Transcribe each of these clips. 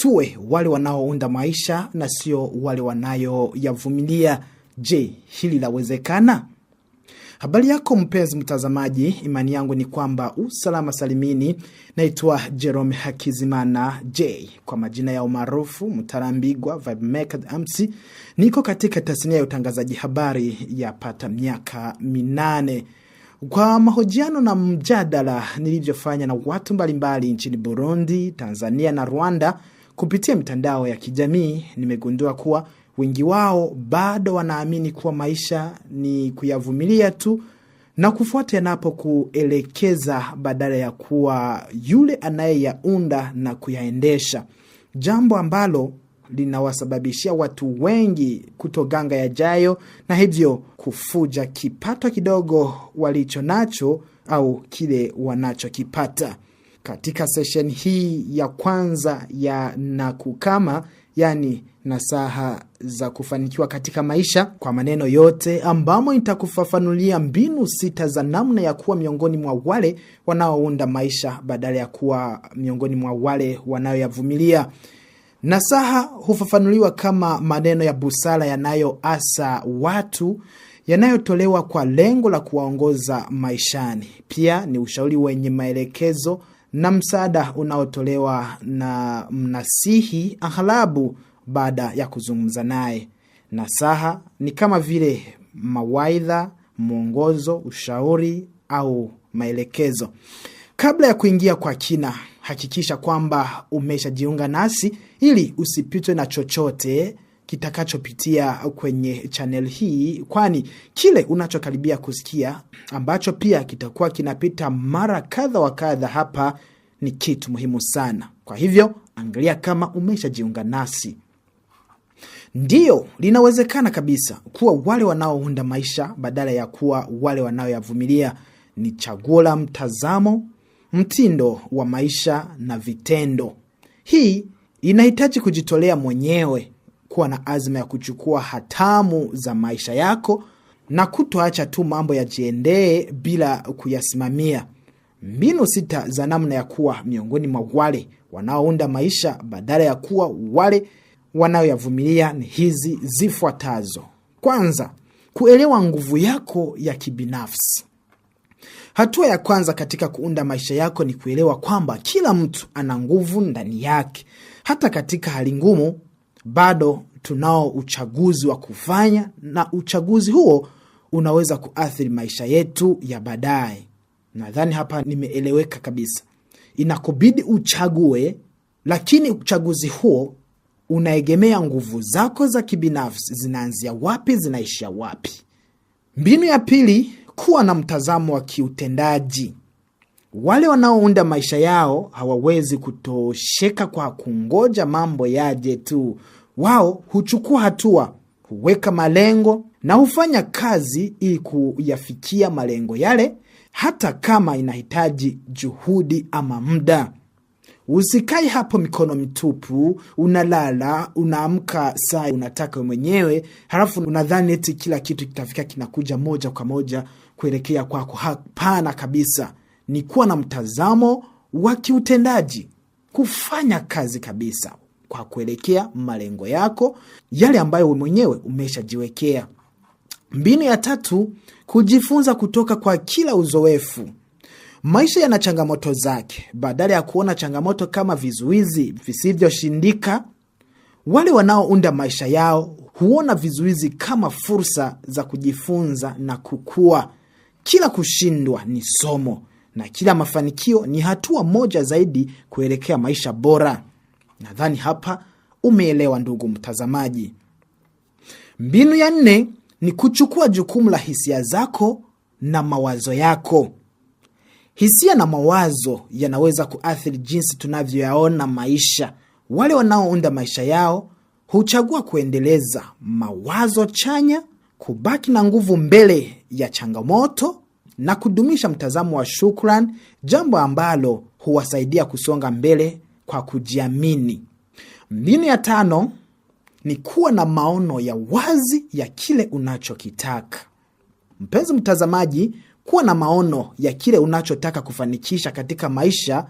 tuwe wale wanaounda maisha na sio wale wanayoyavumilia. Je, hili lawezekana? Habari yako mpenzi mtazamaji, imani yangu ni kwamba usalama salimini. Naitwa Jerome Hakizimana J kwa majina ya umaarufu Mtarambigwa Vibe Maker MC. Niko katika tasnia ya utangazaji habari ya pata miaka minane kwa mahojiano na mjadala nilivyofanya na watu mbalimbali mbali nchini Burundi, Tanzania na Rwanda Kupitia mitandao ya kijamii nimegundua kuwa wengi wao bado wanaamini kuwa maisha ni kuyavumilia tu na kufuata yanapokuelekeza badala ya kuwa yule anayeyaunda na kuyaendesha, jambo ambalo linawasababishia watu wengi kutoganga yajayo na hivyo kufuja kipato kidogo walicho nacho au kile wanachokipata. Katika seshen hii ya kwanza ya Nakukama, yani nasaha za kufanikiwa katika maisha kwa maneno yote, ambamo nitakufafanulia mbinu sita za namna ya kuwa miongoni mwa wale wanaounda maisha badala ya kuwa miongoni mwa wale wanayoyavumilia Nasaha hufafanuliwa kama maneno ya busara yanayoasa watu yanayotolewa kwa lengo la kuwaongoza maishani. Pia ni ushauri wenye maelekezo na msaada unaotolewa na mnasihi aghalabu baada ya kuzungumza naye. Nasaha ni kama vile mawaidha, mwongozo, ushauri au maelekezo. Kabla ya kuingia kwa kina, hakikisha kwamba umeshajiunga nasi ili usipitwe na chochote kitakachopitia kwenye channel hii, kwani kile unachokaribia kusikia ambacho pia kitakuwa kinapita mara kadha wa kadha hapa ni kitu muhimu sana. Kwa hivyo angalia kama umeshajiunga nasi. Ndiyo, linawezekana kabisa kuwa wale wanaounda maisha badala ya kuwa wale wanaoyavumilia. Ni chaguo la mtazamo, mtindo wa maisha na vitendo. Hii inahitaji kujitolea mwenyewe kuwa na azma ya kuchukua hatamu za maisha yako na kutoacha tu mambo yajiendee bila kuyasimamia. Mbinu sita za namna ya kuwa miongoni mwa wale wanaounda maisha badala ya kuwa wale wanaoyavumilia ni hizi zifuatazo. Kwanza, kuelewa nguvu yako ya kibinafsi. Hatua ya kwanza katika kuunda maisha yako ni kuelewa kwamba kila mtu ana nguvu ndani yake, hata katika hali ngumu bado tunao uchaguzi wa kufanya, na uchaguzi huo unaweza kuathiri maisha yetu ya baadaye. Nadhani hapa nimeeleweka kabisa. Inakubidi uchague, lakini uchaguzi huo unaegemea nguvu zako za kibinafsi, zinaanzia wapi, zinaishia wapi. Mbinu ya pili, kuwa na mtazamo wa kiutendaji. Wale wanaounda maisha yao hawawezi kutosheka kwa kungoja mambo yaje tu. Wao huchukua hatua, huweka malengo na hufanya kazi ili kuyafikia malengo yale, hata kama inahitaji juhudi ama muda. Usikae hapo mikono mitupu, unalala unaamka saa unataka mwenyewe, halafu unadhani eti kila kitu kitafika, kinakuja moja kwa moja kuelekea kwako. Hapana kabisa ni kuwa na mtazamo wa kiutendaji, kufanya kazi kabisa kwa kuelekea malengo yako yale ambayo mwenyewe umeshajiwekea. Mbinu ya tatu, kujifunza kutoka kwa kila uzoefu. Maisha yana changamoto zake. Badala ya kuona changamoto kama vizuizi visivyoshindika, wale wanaounda maisha yao huona vizuizi kama fursa za kujifunza na kukua. Kila kushindwa ni somo, na kila mafanikio ni hatua moja zaidi kuelekea maisha bora. Nadhani hapa umeelewa, ndugu mtazamaji. Mbinu ya nne ni kuchukua jukumu la hisia zako na mawazo yako. Hisia na mawazo yanaweza kuathiri jinsi tunavyoyaona maisha. Wale wanaounda maisha yao huchagua kuendeleza mawazo chanya, kubaki na nguvu mbele ya changamoto na kudumisha mtazamo wa shukran, jambo ambalo huwasaidia kusonga mbele kwa kujiamini. Mbinu ya tano ni kuwa na maono ya wazi ya kile unachokitaka. Mpenzi mtazamaji, kuwa na maono ya kile unachotaka kufanikisha katika maisha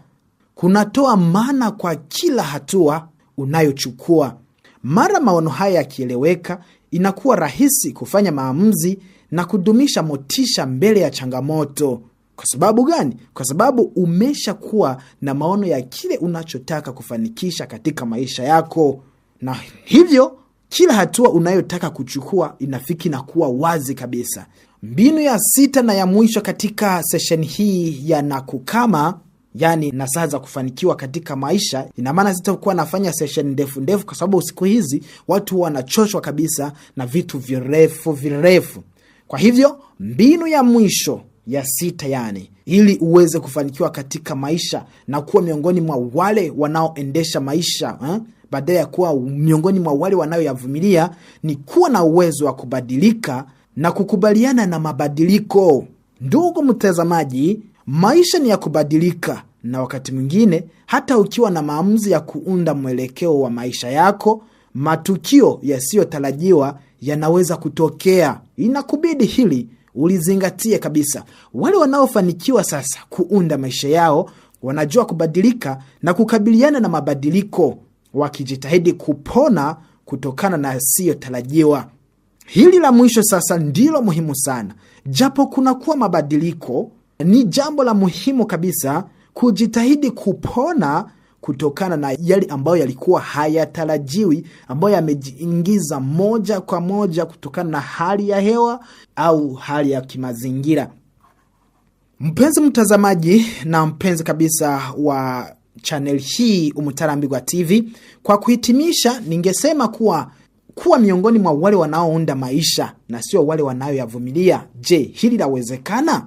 kunatoa maana kwa kila hatua unayochukua. Mara maono haya yakieleweka, inakuwa rahisi kufanya maamuzi na kudumisha motisha mbele ya changamoto. Kwa sababu gani? Kwa sababu umeshakuwa na maono ya kile unachotaka kufanikisha katika maisha yako, na hivyo kila hatua unayotaka kuchukua inafiki na kuwa wazi kabisa. Mbinu ya sita na ya mwisho katika sesheni hii ya Nakukama, yani saa za kufanikiwa katika maisha. Ina maana sitakuwa nafanya seshen ndefu ndefu, kwa sababu siku hizi watu wanachoshwa kabisa na vitu virefu virefu. Kwa hivyo mbinu ya mwisho ya sita, yani ili uweze kufanikiwa katika maisha na kuwa miongoni mwa wale wanaoendesha maisha eh, badala ya kuwa miongoni mwa wale wanayoyavumilia, ni kuwa na uwezo wa kubadilika na kukubaliana na mabadiliko. Ndugu mtazamaji, maisha ni ya kubadilika, na wakati mwingine hata ukiwa na maamuzi ya kuunda mwelekeo wa maisha yako, matukio yasiyotarajiwa yanaweza kutokea, inakubidi hili ulizingatie kabisa. Wale wanaofanikiwa sasa kuunda maisha yao wanajua kubadilika na kukabiliana na mabadiliko, wakijitahidi kupona kutokana na yasiyotarajiwa. Hili la mwisho sasa ndilo muhimu sana. Japo kunakuwa mabadiliko, ni jambo la muhimu kabisa kujitahidi kupona kutokana na yale ambayo yalikuwa hayatarajiwi, ambayo yamejiingiza moja kwa moja kutokana na hali ya hewa au hali ya kimazingira. Mpenzi mtazamaji na mpenzi kabisa wa chanel hii Umutarambirwa TV, kwa kuhitimisha, ningesema kuwa kuwa miongoni mwa wale wanaounda maisha na sio wale wanayoyavumilia. Je, hili lawezekana?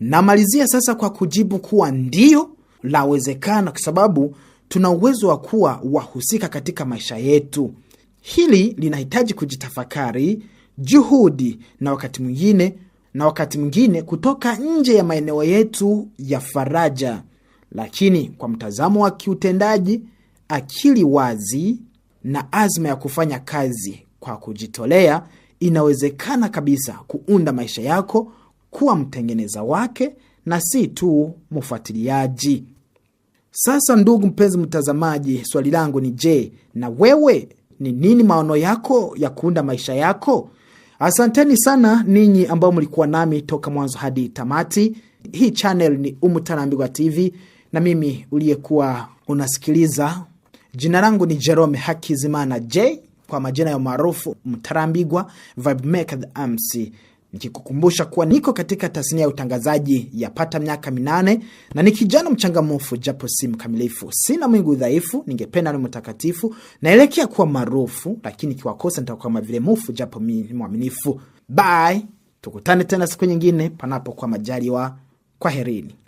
Namalizia sasa kwa kujibu kuwa ndiyo lawezekana, kwa sababu tuna uwezo wa kuwa wahusika katika maisha yetu. Hili linahitaji kujitafakari, juhudi, na wakati mwingine na wakati mwingine kutoka nje ya maeneo yetu ya faraja, lakini kwa mtazamo wa kiutendaji, akili wazi na azma ya kufanya kazi kwa kujitolea, inawezekana kabisa kuunda maisha yako kuwa mtengeneza wake na si tu mfuatiliaji. Sasa ndugu mpenzi mtazamaji, swali langu ni je, na wewe ni nini maono yako ya kuunda maisha yako? Asanteni sana ninyi ambao mlikuwa nami toka mwanzo hadi tamati. Hii channel ni Umutarambirwa TV na mimi uliyekuwa unasikiliza, jina langu ni Jerome Hakizimana J kwa majina ya maarufu Mtarambirwa, Vibe Maker the MC nikikukumbusha kuwa niko katika tasnia ya utangazaji yapata miaka minane na ni kijana mchangamfu japo si mkamilifu. Sina mwingu udhaifu, ningependa ni mtakatifu, naelekea kuwa maarufu, lakini kiwakosa nitakuwa kama vile mufu, japo mi ni mwaminifu. Bye, tukutane tena siku nyingine, panapokuwa majaliwa. Kwaherini.